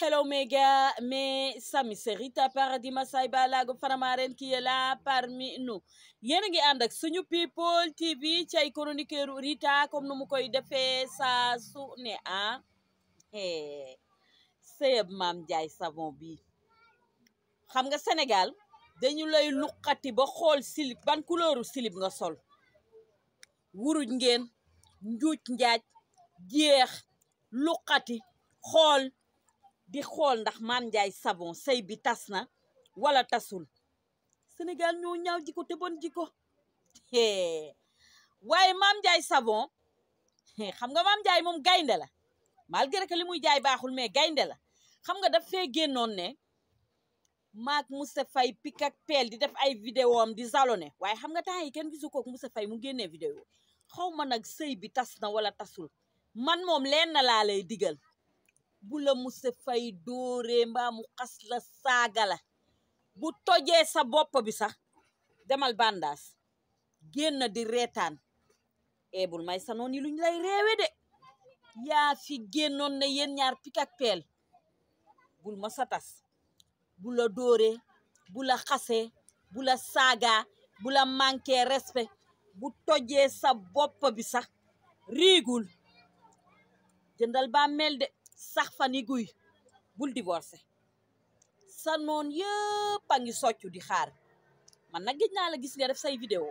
hello mega mais sami serita paradis masay ba lago fanamaren qui est parmi nous yéen a ngi ànd ak suñu people tv ci ay chroniqueur Rita comme nu mu koy defee saa su ne ah eh, sëyëb maam Njaay savon bi xam nga Sénégal dañu lay luqati ba xool silib ban couleuru silib nga sol wuruj ngeen njuuj njaaj jeex luqati xool di xool ndax Mame Ndiaye sabon sëy bi tas na wala tasul Sénégal ñoo ñaaw jiko te bon jiko waaye Mame Ndiaye Savon xam nga maam Ndiaye moom gaynde la malgré que li muy jaay baaxul mais gaynde la xam nga daf fee génnoon ne maak Moussa Faye pik ak peel di def ay vidéo am di ne waaye xam nga temps yi kenn gisu kook Moussa Faye mu génnee vidéo xaw ma nag sëy bi tas na wala tasul man moom leen na laa lay digal bu la musa fay dóoree mbaa mu la saaga la bu tojee sa bopp bi sax demal bandaas génn di reetaan eebul may sa noon yi luñ lay réewe de yaa fi génnoon ne yéen ñaar pik ak peel bul ma sa tas bu la dóoree bu la xasee bu la saagaa bu la manqué bu tojee sa bopp bi sax riigul jëndal bàmmeel de sax fa ni guy bul divorcé sa noon yëpp a ngi soccu di xaar man nag gëj naa la gis nga def say vidéo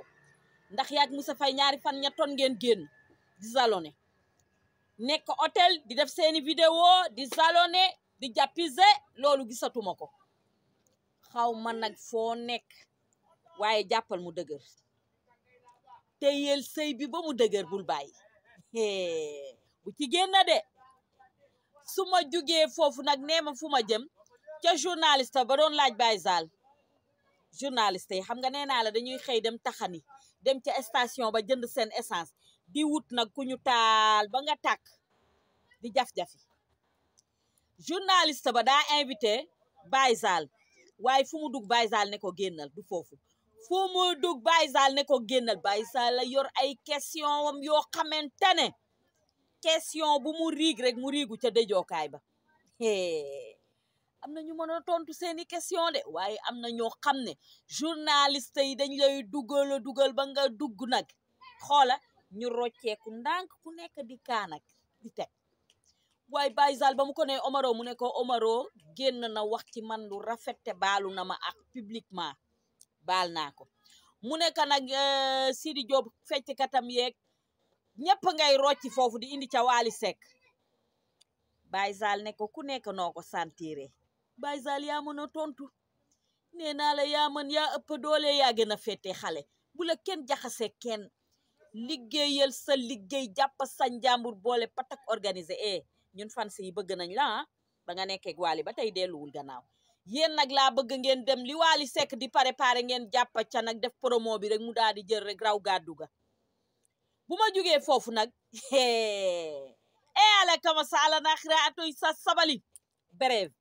ndax yaat Moussa Faye ñaari fan ñettoon ngeen génn di salone nekk hôtel di def seeni vidéo di salone di jàppise loolu gisatuma ko xaw ma nag foo nekk waaye jàppal mu dëgër te yéel sëy bi ba mu dëgër bul bàyyi bu ci génn de su ma jugee foofu nag nee ma fu ma jëm ca journaliste ba doon laaj Baye Zal yi xam nga nee naa la dañuy xëy dem taxani dem ca station ba jënd seen essence di wut nag ku ñu taal ba nga tàkk di jaf-jafi journaliste ba daa invité Baye waaye fu mu dugg Baye ne ko génnal du foofu fu mu dugg Baye ne ko génnal Baye Zal yor ay question wam yoo xamante ne question bu mu riig rek mu riigu ca dëjookaay ba am na ñu mën a tontu seeni question de waaye am na ñoo xam ne journaliste yi dañ lay dugal dugal ba nga dugg nag xoola ñu rocceeku ndànk ku nekk di kaanag di teg waaye Baye Zal ba mu ko ne Omaro mu ne ko génn na wax ci man lu rafet te baalu na ma ak publiquement baal naa ko mu nekk nag euh, Sidi Diop fecckatam yeeg ñëpp ngay rocci foofu di indi ca Waly sek Baye Zal ne ko ku nekk noo ko santire Baye Zal yaa mën a tontu nee naa la yaa mën ya ëpp doole yaa gën a féete xale bu la kenn jaxase kenn liggéeyal sa liggéey jàpp sa njàmbur boole patak organisé e eh, ñun fans yi bëgg nañ la ah ba nga nekkee ak Waly ba tey delluwul gannaaw yéen nag laa bëgg ngeen dem li Waly Seck di pare ngeen jàpp ca nag def promo bi rek mu daal di jël rek raw gàddu ga bu ma jógee foofu nag e ala kama sala na xira atoy sa sabali bref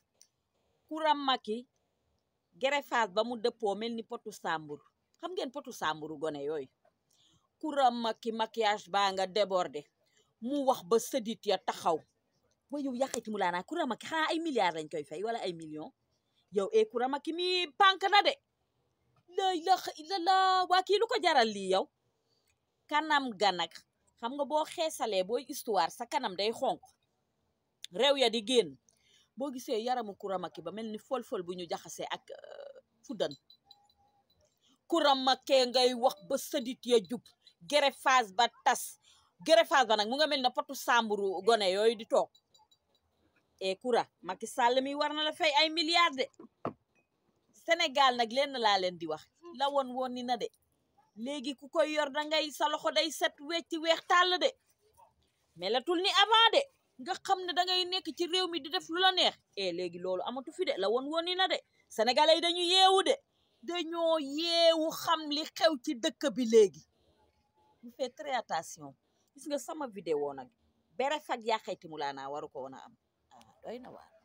kuram ba mu dëppoo mel ni potu sàmbur xam ngeen potu samburu gone yooyu kuram maki maquillage baa nga débordé mu wax ba sëdit ya taxaw ba yow yàqiti mu laa naa kuram maki xanaa ay milliards lañ koy fay wala ay million yow e kuram maki mi pànk na de la ilaha illallah waa kii lu ko jaral lii yow kanam ga nag xam nga boo xeesalee booy histoire sa kanam day xonq réew ya di génn boo gisee yaramu kuramaki ba mel ni fol-fol bu ñu jaxasee ak euh, fuddan kuramakee ngay wax ba sëdit ya jub gerefaas ba tas gerefaas ba nag mu nga mel ne potu sàmburu gone yooyu di toog e kura Macky Sall mi war na la fay ay milliards de Sénégal nag lenn laa leen di wax la woon woon de léegi ku koy yor da ngay sa loxo day set wecci weex tàll de melatul ni avant de nga xam ne dangay nekk ci réew mi di def lu la neex e léegi loolu amatu fi de la woon woon ni na de sénégalais yi dañu yeewu de dañoo yeewu xam li xew ci dëkk bi léegi bu fait très attention gis nga sama vidéo nag bere fag yaa xayti laa naa waru ko a am ah doy na waar